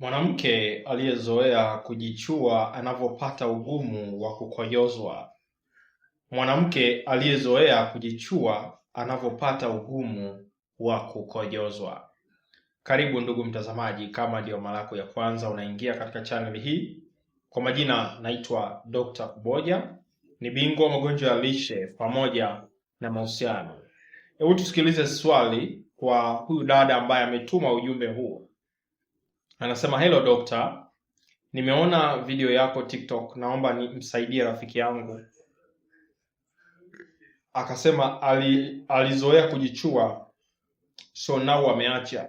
Mwanamke aliyezoea kujichua anavyopata ugumu wa kukojozwa Mwanamke aliyezoea kujichua anavyopata ugumu wa kukojozwa Karibu ndugu mtazamaji, kama ndiyo mara yako ya kwanza unaingia katika chaneli hii, kwa majina naitwa Dr. Kuboja, ni bingwa magonjwa ya lishe pamoja na mahusiano. Hebu tusikilize swali kwa huyu dada ambaye ametuma ujumbe huu. Anasema hello doctor, nimeona video yako TikTok, naomba nimsaidie rafiki yangu. Akasema ali, alizoea kujichua so now ameacha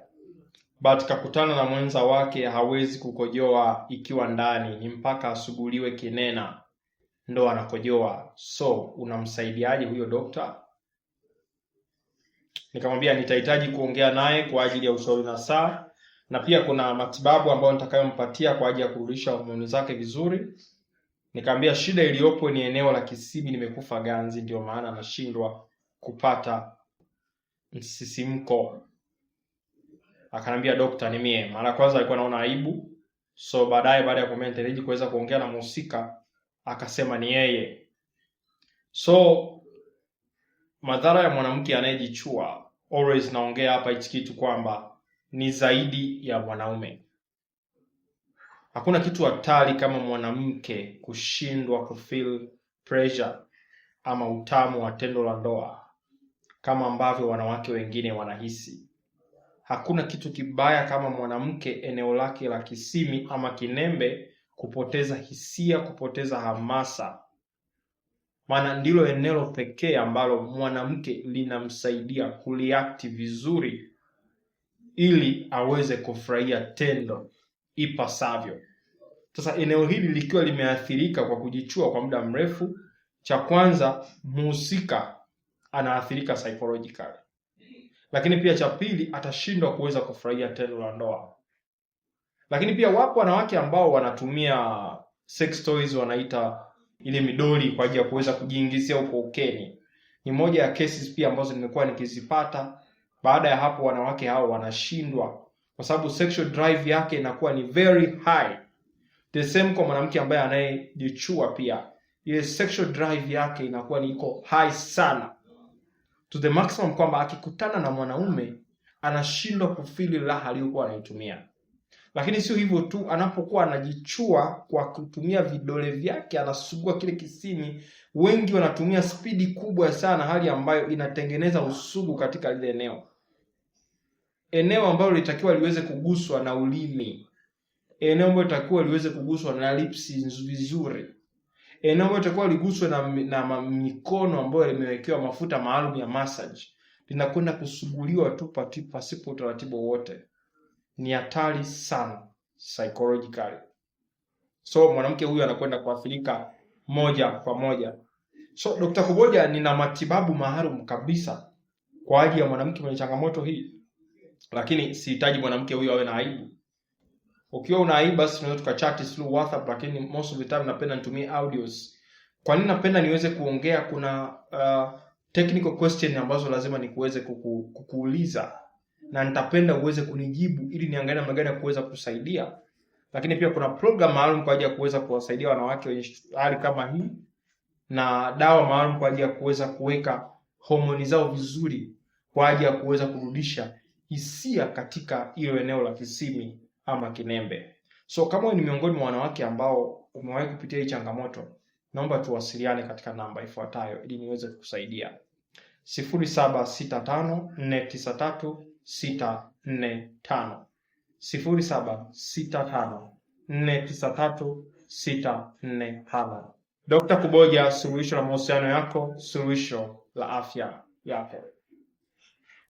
but kakutana na mwenza wake hawezi kukojoa ikiwa ndani, ni mpaka asuguliwe kinena ndo anakojoa. So unamsaidiaje huyo dokta? Nikamwambia nitahitaji kuongea naye kwa ajili ya ushauri na saa na pia kuna matibabu ambayo nitakayompatia kwa ajili ya kurudisha homoni zake vizuri. Nikamwambia shida iliyopo ni eneo la kisibi, nimekufa ganzi, ndio maana anashindwa kupata msisimko. Akaniambia dokta, ni mie. Mara kwanza alikuwa naona aibu, so baadaye, baada ya kumenteliji kuweza kuongea na mhusika, akasema ni yeye. So madhara ya mwanamke anayejichua, always naongea hapa hichi kitu kwamba ni zaidi ya mwanaume. Hakuna kitu hatari kama mwanamke kushindwa kufeel pressure ama utamu wa tendo la ndoa kama ambavyo wanawake wengine wanahisi. Hakuna kitu kibaya kama mwanamke eneo lake la kisimi ama kinembe kupoteza hisia, kupoteza hamasa, maana ndilo eneo pekee ambalo mwanamke linamsaidia kuliakti vizuri ili aweze kufurahia tendo ipasavyo. Sasa eneo hili likiwa limeathirika kwa kujichua kwa muda mrefu, cha kwanza mhusika anaathirika psychologically, lakini pia cha pili atashindwa kuweza kufurahia tendo la ndoa. Lakini pia wapo wanawake ambao wanatumia sex toys, wanaita ile midoli kwa ajili ya kuweza kujiingizia huko ukeni. Ni moja ya cases pia ambazo nimekuwa nikizipata baada ya hapo, wanawake hao wanashindwa kwa sababu sexual drive yake inakuwa ni very high. The same kwa mwanamke ambaye anayejichua pia, ile sexual drive yake inakuwa ni iko high sana to the maximum kwamba akikutana na mwanaume anashindwa kufili raha aliyokuwa anaitumia. Lakini sio hivyo tu, anapokuwa anajichua kwa kutumia vidole vyake, anasugua kile kisini, wengi wanatumia spidi kubwa sana, hali ambayo inatengeneza usugu katika lile eneo eneo ambalo litakiwa liweze kuguswa na ulimi, eneo ambalo litakiwa liweze kuguswa na lipsi vizuri, eneo ambalo litakiwa liguswe na, na mikono ambayo limewekewa mafuta maalum ya massage, linakwenda kusuguliwa tu pasipo utaratibu wote, Ni hatari sana psychologically. So mwanamke huyu anakwenda kuathirika moja kwa moja. So Dr. Kuboja, nina matibabu maalum kabisa kwa ajili ya mwanamke mwenye changamoto hii lakini sihitaji mwanamke huyo awe na aibu. Ukiwa una aibu, basi tunaweza tukachat through WhatsApp, lakini most of the time napenda nitumie audios. Kwa nini napenda niweze kuongea? Kuna uh, technical question ambazo lazima nikuweze kuku, kukuuliza na nitapenda uweze kunijibu ili niangalie namna gani ya kuweza kusaidia, lakini pia kuna program maalum kwa ajili ya kuweza kuwasaidia wanawake wenye hali kama hii na dawa maalum kwa ajili ya kuweza kuweka homoni zao vizuri kwa ajili ya kuweza kurudisha hisia katika hilo eneo la kisimi ama kinembe. So kama ni miongoni mwa wanawake ambao umewahi kupitia hii changamoto, naomba tuwasiliane katika namba ifuatayo ili niweze kukusaidia: 0765493645 0765493645. Dr. Kuboja, suluhisho la mahusiano yako, suluhisho la afya yako.